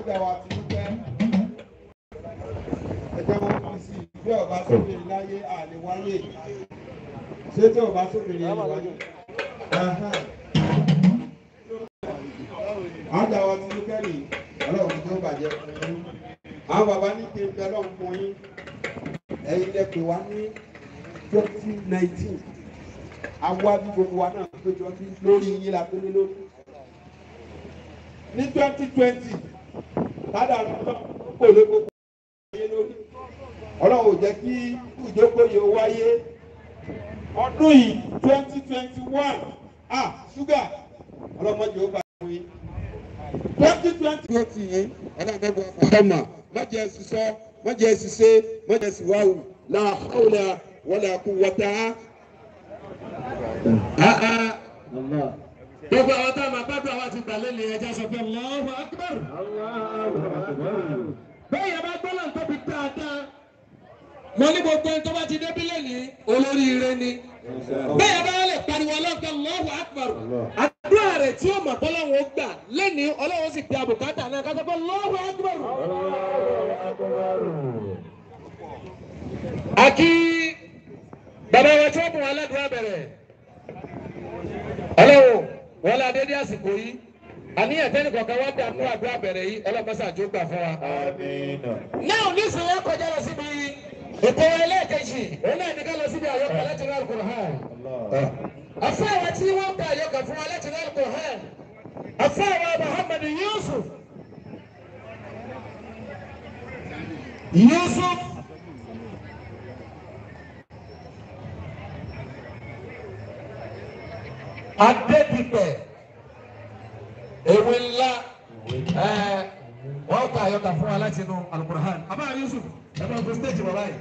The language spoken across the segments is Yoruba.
ajáwá hmm. lórí yín la tó lé lórí ní twenty twenty kádàrú náà lé gbogbo ayé lórí ọlọ́run ò jẹ́ kí ìjókòó wáyé ọdún yìí twenty twenty one ah ṣúgà ọlọ́mọdé ó bá wọ́n yín twenty twenty. wọ́n ti yín alágbàgbọ́ ọ̀kọ́mà mọ̀jẹ̀ sísọ mọ̀jẹ̀ sísẹ mọ̀jẹ̀ síwáwù làhàwùlà wọlé àkúwọ́tà gbogbo àwọn tá a máa gbádùn àwọn àti ìgbàlẹ́ lè ẹja sọ pé Allahu Akbar. bẹ́ẹ̀ yẹn bá gbọ́ náà tóbi dáadáa mo ní gbogbo ẹni tó bá ti débí lónìí olóríire ni bẹ́ẹ̀ yẹn bá lè pariwo ọlọ́pàá Allahu Akbar àdúrà rẹ̀ tí ó mọ̀ bọ́lọ́wọ́ gbà lónìí ọlọ́wọ́ sì pe àbùkátà náà ká sọ pé Allahu Akbar. àkí bàbá wa tí wọ́n mú wa wọ́n lé adé ní àsìkò yìí àníyàn tẹ́lẹ̀ kọ̀ọ̀kan wá dà mú àdúrà bẹ̀rẹ̀ yìí ọlọ́mọṣà jó gbà fún wa. náà nísìnyí wọn kọjá lọ síbi ìbò ẹlẹ́ẹ̀kejì òun náà ní ká lọ síbi àyọkà ah. láti rẹ Al-Qur'an. afọ ah. àwọn tí wọ́n gba àyọkà fún wa láti rẹ Al-Qur'an afọ àwọn Muhammad Yusuf Yusuf. adédìpẹ̀ ewé ńlá wọ́n kọ́ àyọkà fún wa láti inú alukurahan abá Yusuf ẹ bá fún stéèjì bàbá yìí.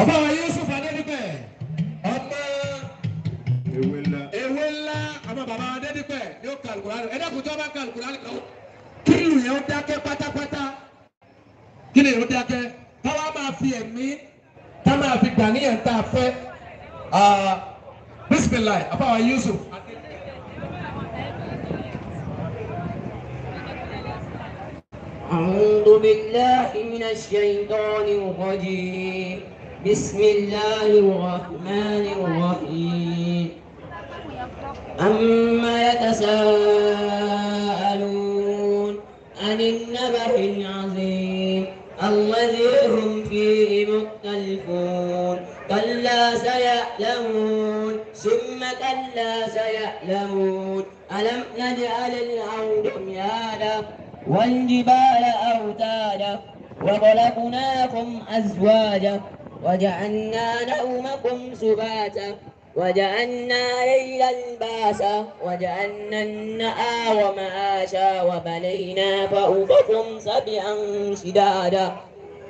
ọba wa Yusuf adédìpẹ̀ ọmọ ewé ńlá ọmọ bàbá adédìpẹ̀ yóò ka alukurahan ẹ dẹ́kun tí wọ́n bá ka alukurahan kan kílù yẹn ó dákẹ́ pátápátá kílù yẹn ó dákẹ́. àti ẹ̀mí ká máa fi gbà níyàn tá a fẹ́ أعوذ بالله من الشيطان الرجيم بسم الله الرحمن الرحيم أما يتساءلون عن النبأ العظيم الذي هم فيه مختلفون كلا سيعلمون ثم كلا سيعلمون ألم نجعل الأرض ميادا والجبال أوتادا وخلقناكم أزواجا وجعلنا نومكم سباتا وجعلنا ليلا باسا وجعلنا النهار معاشا وبنينا فوقكم سبعا شدادا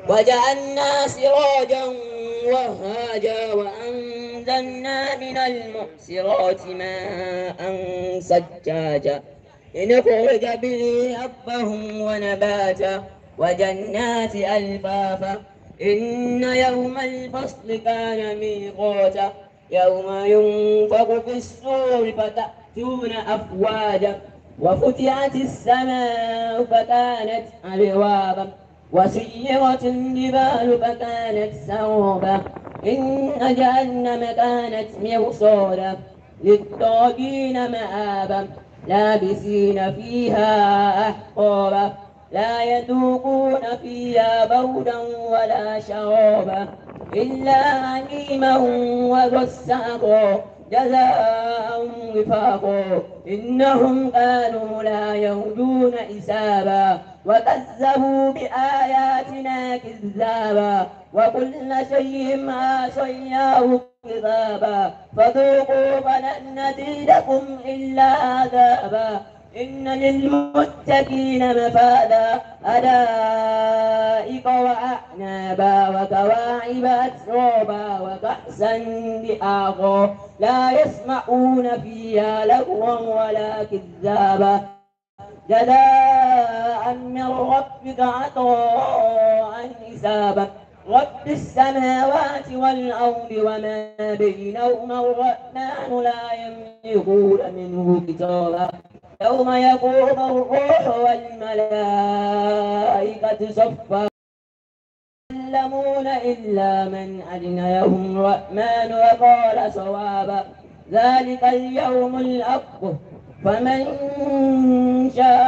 وجعلنا سراجا وهاجا وأنزلنا من المعصرات ماء سجاجا لنخرج به ربهم ونباتا وجنات ألفافا إن يوم الفصل كان ميقاتا يوم ينفق في الصور فتأتون أفواجا وفتحت السماء فكانت أبوابا وسيرت الجبال فكانت سربا إن جهنم كانت مرصادا للطاغين مآبا لابسين فيها أحقابا لا يذوقون فيها بردا ولا شرابا إلا حميما وغساقا جزاء وفاقا إنهم كانوا لا يرجون حسابا وكذبوا بآياتنا كذابا وكل شيء أحصيناه كذابا فذوقوا فلن نزيدكم إلا عذابا إن للمتقين مفادا أدائق وأعنابا وكواعب أتروبا وكأسا بآخر لا يسمعون فيها لغوا ولا كذابا جزاء من ربك عطاء حسابا رب السماوات والأرض وما بينهما الرحمن لا يملكون منه كتابا يوم يقوم الروح والملائكة صفا يعلمون إلا من أذن لهم الرحمن وقال صوابا ذلك اليوم الأكبر فمن شاء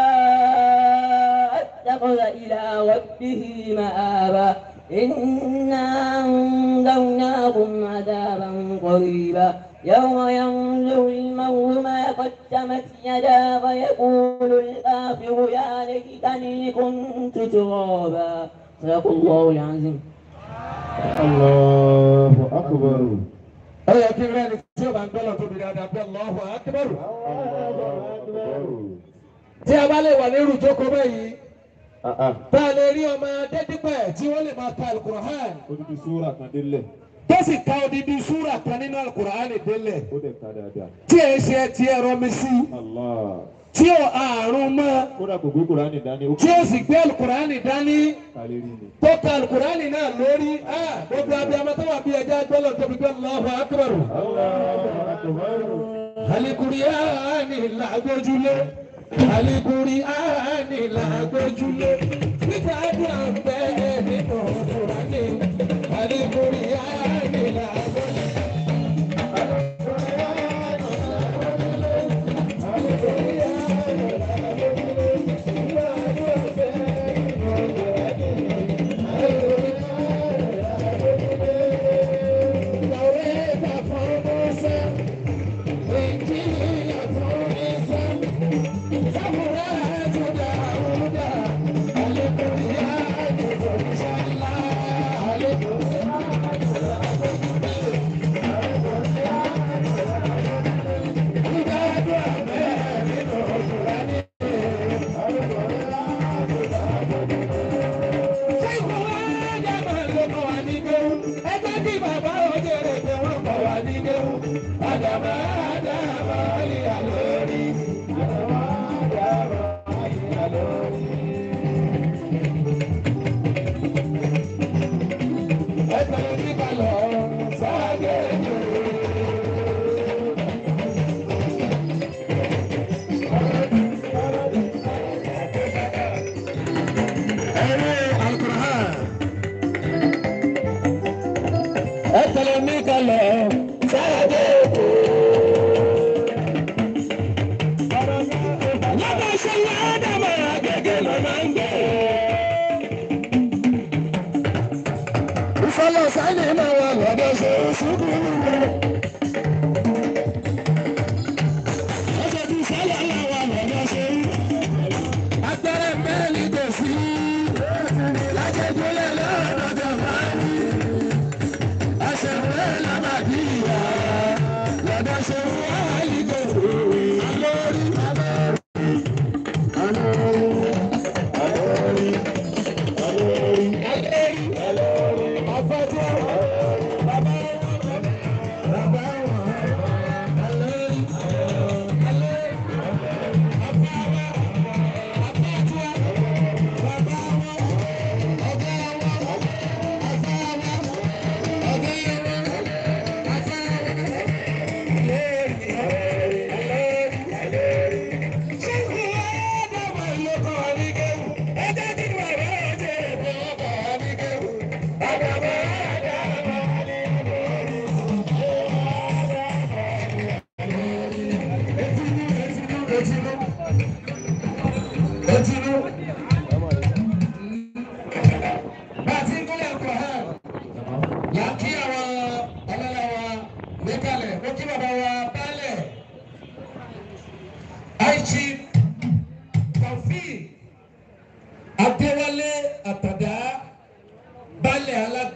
اتخذ إلى ربه مآبا إنا أنذرناهم عذابا قريبا يوم ينظر المرء ما قدمت يدا ويقول الآخر يا ليتني كنت ترابا صدق الله العظيم الله أكبر tí o bá ń gbọ́lọ̀ tóbi dáadáa bẹ́ẹ̀ lọ́hùn akẹ́bẹ̀rù. tí a bá lè wà ní ìrùjókòó báyìí tá ah, a ah. lè rí ọmọ Adédìpẹ̀ tí wọ́n lè máa ka alukur'an. odidi súra kan délẹ̀. tó sì ka odidi súra kan nínú alukur'an délẹ̀. ó dẹ̀ ka dáadáa. tí ẹ ṣe ti ẹ̀rọ sí. Allah tí ó àrùn mọ́ tí ó sì gbé alukurani dání tó ka alukurani náà lórí gbogbo abiyamọ tó wà bí ẹja gbọ́dọ̀ tóbi gbé Allahu akbar alikuriani làgbójúlé alikuriani làgbójúlé nígbà tí a.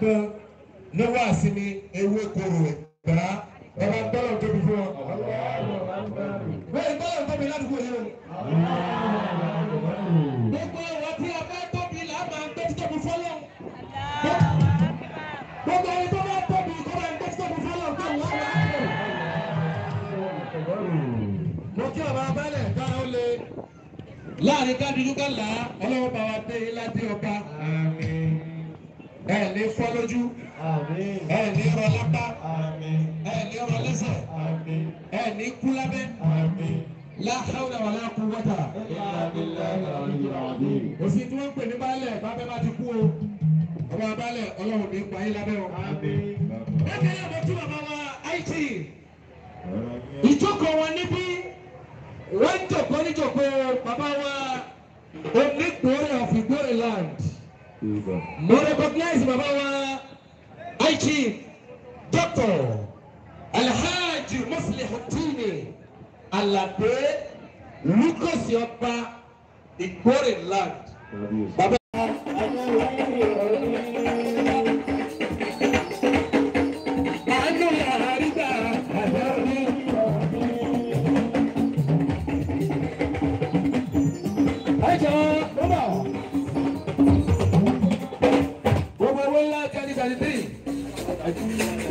pé ní wáàsí ni ewé korò gbà ẹ bá tọ́lọ̀ tóbi fún ọ. wẹ́ẹ̀ tọ́lọ̀ tóbi ládùúgbò yìí o. gbogbo ìwà tí a bá tóbi là á máa ń tóbi tóbi fọlọ́. gbogbo ẹni tó bá tóbi kó máa ń tóbi tóbi fọlọ́ tó wà láàárọ̀. mo kí ọba abẹ́lẹ̀ kára ó le láàrin ká dúdú ká là á ọlọ́wọ́ bá wa dé ilá dé ọba ẹ ní fọ́ lójú ẹ ní rọ lápá ẹ ní rọ lẹ́sẹ̀ ẹ ní kú lábẹ́ la hawla wa la quwwata òsì tí wọ́n ń pè ní baálẹ̀ bábẹ́ bá ti kú o ọba baálẹ̀ ọlọ́run ní pa yín lábẹ́ o. bákan náà mo tún bàbá wa Haiti ìjókòó wọn níbí wọ́n ń jòkó níjòkó bàbá wa onígbòrè of Igbore land mo recognize bàbá wa aiki doctor alhaji muslihatini alabe lucas ọba ìgbórè land. bàbá.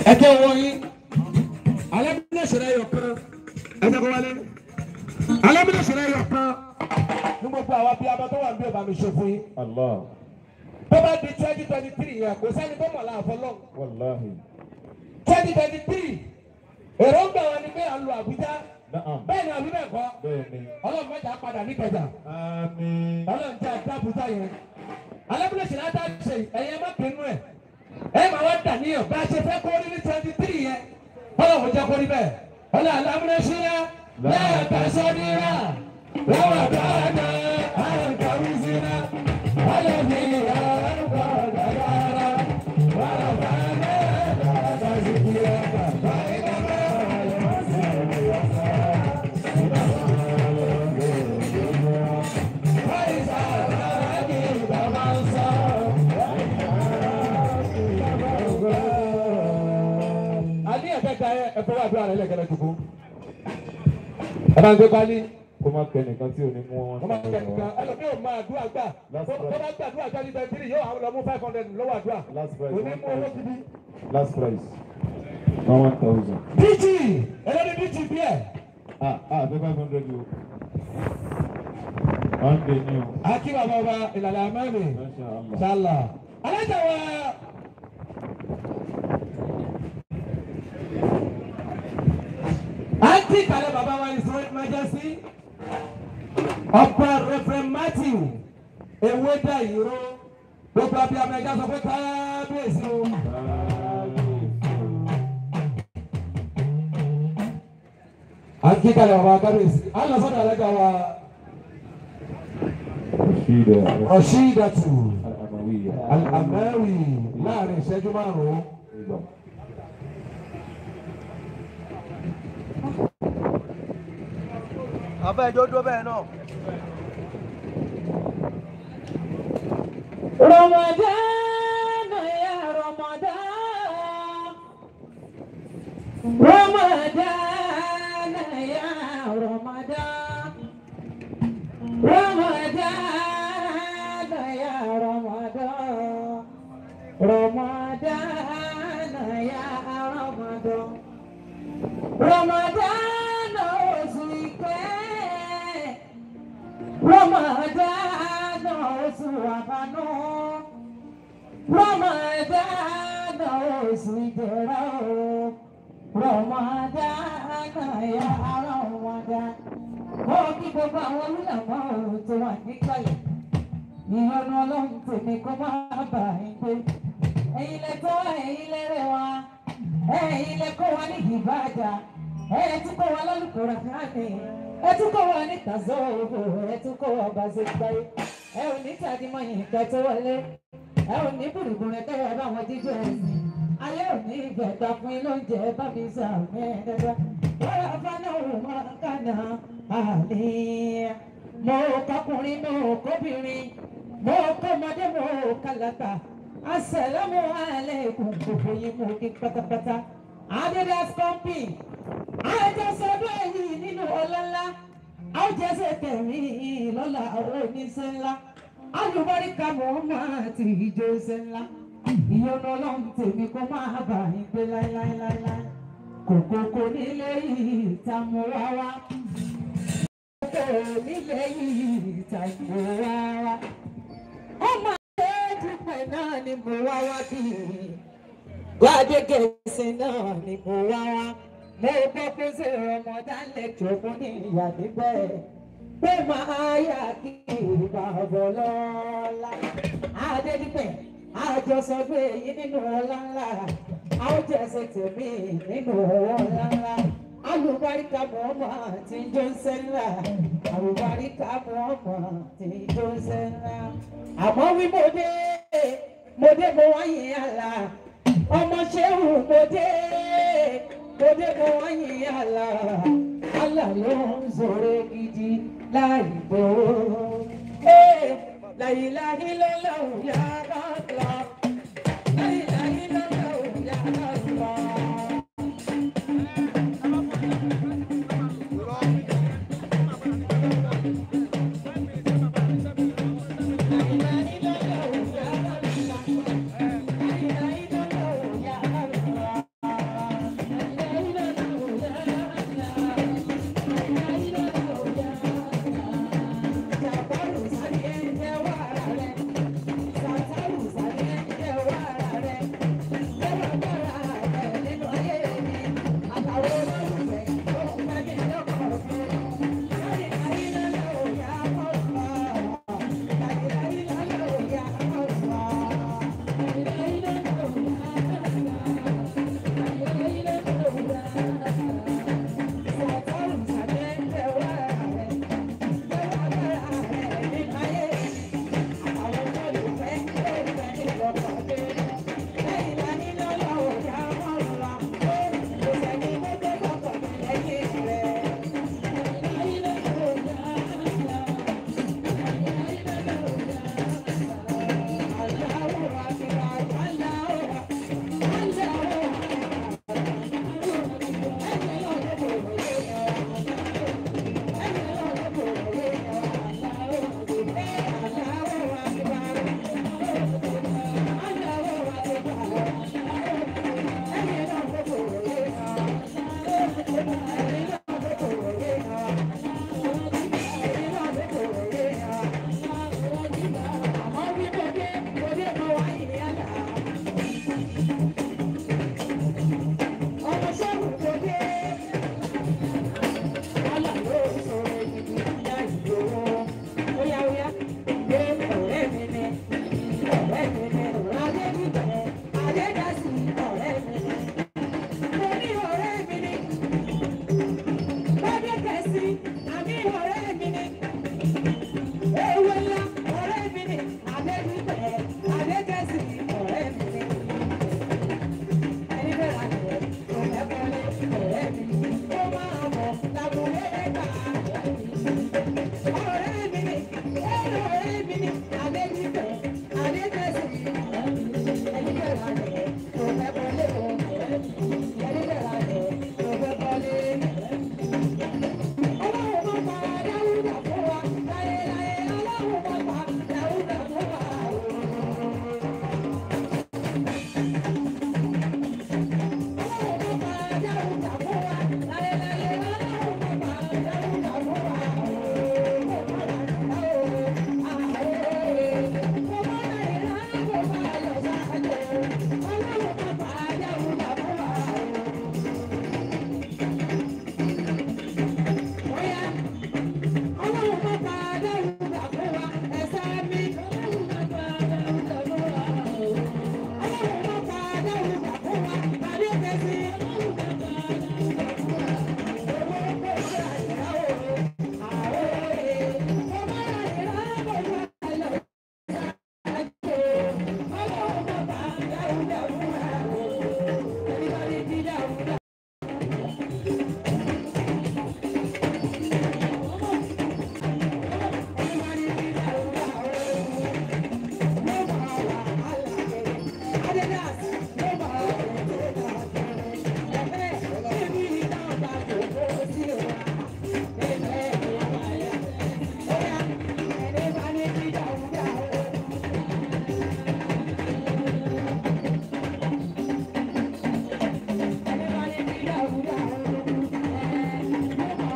ẹkẹ wọnyi alamina sira yọ kan ẹsẹ kọ wale alamina sira yọ kan ní gbogbo àwa bíi abatọ wà níbi ìbámu ṣe fún yín tó di twenty twenty three yẹn kò sẹ́ni tó mọ̀ láàfọ́ twenty twenty three èròǹgbà wa ni pé à ń lo Àbújá bẹ́ẹ̀ ni àbí bẹ́ẹ̀ kọ́ ọlọ́run mẹ́ta padà nígbàjà ọlọ́run jẹ́ àti Àbújá yẹn alábìlẹ̀ sìnà tá ṣe ẹ̀yẹ má pinnu ẹ̀ ẹ máa wá dà níyàn bá a ṣe fẹ́ kó rí ní twenty three yẹn ọlọ́run jẹ́ kó rí bẹ́ẹ̀ ọlọ́run alámúlẹ̀ ṣí yá lẹ́yìn àtàṣọ ní rà wọ́n wà dáadáa àrùn kàwé sí rà ẹ máa gbé pálí. kó má pẹ tí ò ní mú wọn. kó má pẹ ẹlòmíì ò máa àdúrà gbà tó bá gbàdúrà jáde bẹ́ẹ̀ kiri yóò lọ mú five hundred lọ́wọ́ àdúrà kò mú owó gidi. last price one thousand. dg ẹlẹ́ni dg bí ẹ̀. ah ah five hundred o. one day ni o. akíwà bàbá ìlànà àmọ́ mi. alájà wa. sí ìkàlẹ̀ bàbá wa his royal majesty ọ̀pọ̀ reverend matthew ewédà ìró gbogbo abiyamọ ẹja sọ pé kábíyèsí o. à ń kí kalẹ̀ bàbá kábíyèsí à ń lọ sọ́dọ̀ alága wa. rashidatu al-amawi láàrin ìṣẹ́jú márùn-ún. àbá ẹjọ́ dúró bẹ́ẹ̀ náà. Ramadan ya Ramadan Ramadan. oṣù àbánú rọmọ ẹgbẹ́ àná oṣù ìjẹrà o rọmọ ajá náà yà ara wọn dá ó kí gbogbo àwọn olùlànà òun tó wà níkàlẹ̀ ìyọnu ọlọ́run tèmi kó má bà á gbé ẹ̀yin lẹ tó ẹ̀yin lẹ́rẹ̀ wa ẹ̀yin lẹ kó wa ní ìbàdà ẹ tún kọ́ wa lálùkò ràfíà mi ẹ tún kọ́ wa ní tàzọ́ òwò tún kọ́ wa bàzẹ́ gbáyé ẹ ò ní tàdímọ̀yìn kẹ́ tó wọlé ẹ ò ní bùrùbùrù kẹ́ ẹ bá wọn jíjẹ ẹ̀sìn ayé ò ní ìfẹ́ gbà fún iná oúnjẹ bá mo kọkùnrin mo kóbìnrin mo kọ́mọdé mo kàlàkà asẹ̀lámù aláìkùm gbogbo yìí mo kí pátápátá adidas company àjọṣọdún èyí nínú àjẹsẹ̀ tẹ̀mí lọ́la oníṣẹ́ ńlá alùbáríkà Muhammad ìjọ iṣẹ́ ńlá ìyọnu ọlọ́run tèmi kó máa bà yín pé láíláíláí kòkòkò nílé yìí ta mú wá wá kòkòkò nílé yìí ta mú wá wá ó máa ṣe é dúpẹ́ náà ni mo wá wá bí gbàdégẹ̀ẹ́sì náà ni mo wá wá mo gbọ́ pé ṣe Ramadan lecture mo ní ìyá níbẹ̀ pé máa yà kí ìgbà bọ̀ lọ́la adédìpẹ̀ àjọsọ gbé èyí nínú ọlá ńlá àwòjẹsẹ tèmi nínú ọwọ́ ńlá ńlá alùbáríkà mọ́mọ́ tí ń jó ńlá alùbáríkà mọ́mọ́ tí ń jó ńlá àmọ́ wí mo dé mo dé mo wáyé àlà ọmọ ṣéwù mo dé àlà àlà ló ń sọ̀rọ̀ lai láì bọ̀. lai lai lọ́lọ́run yára lọ.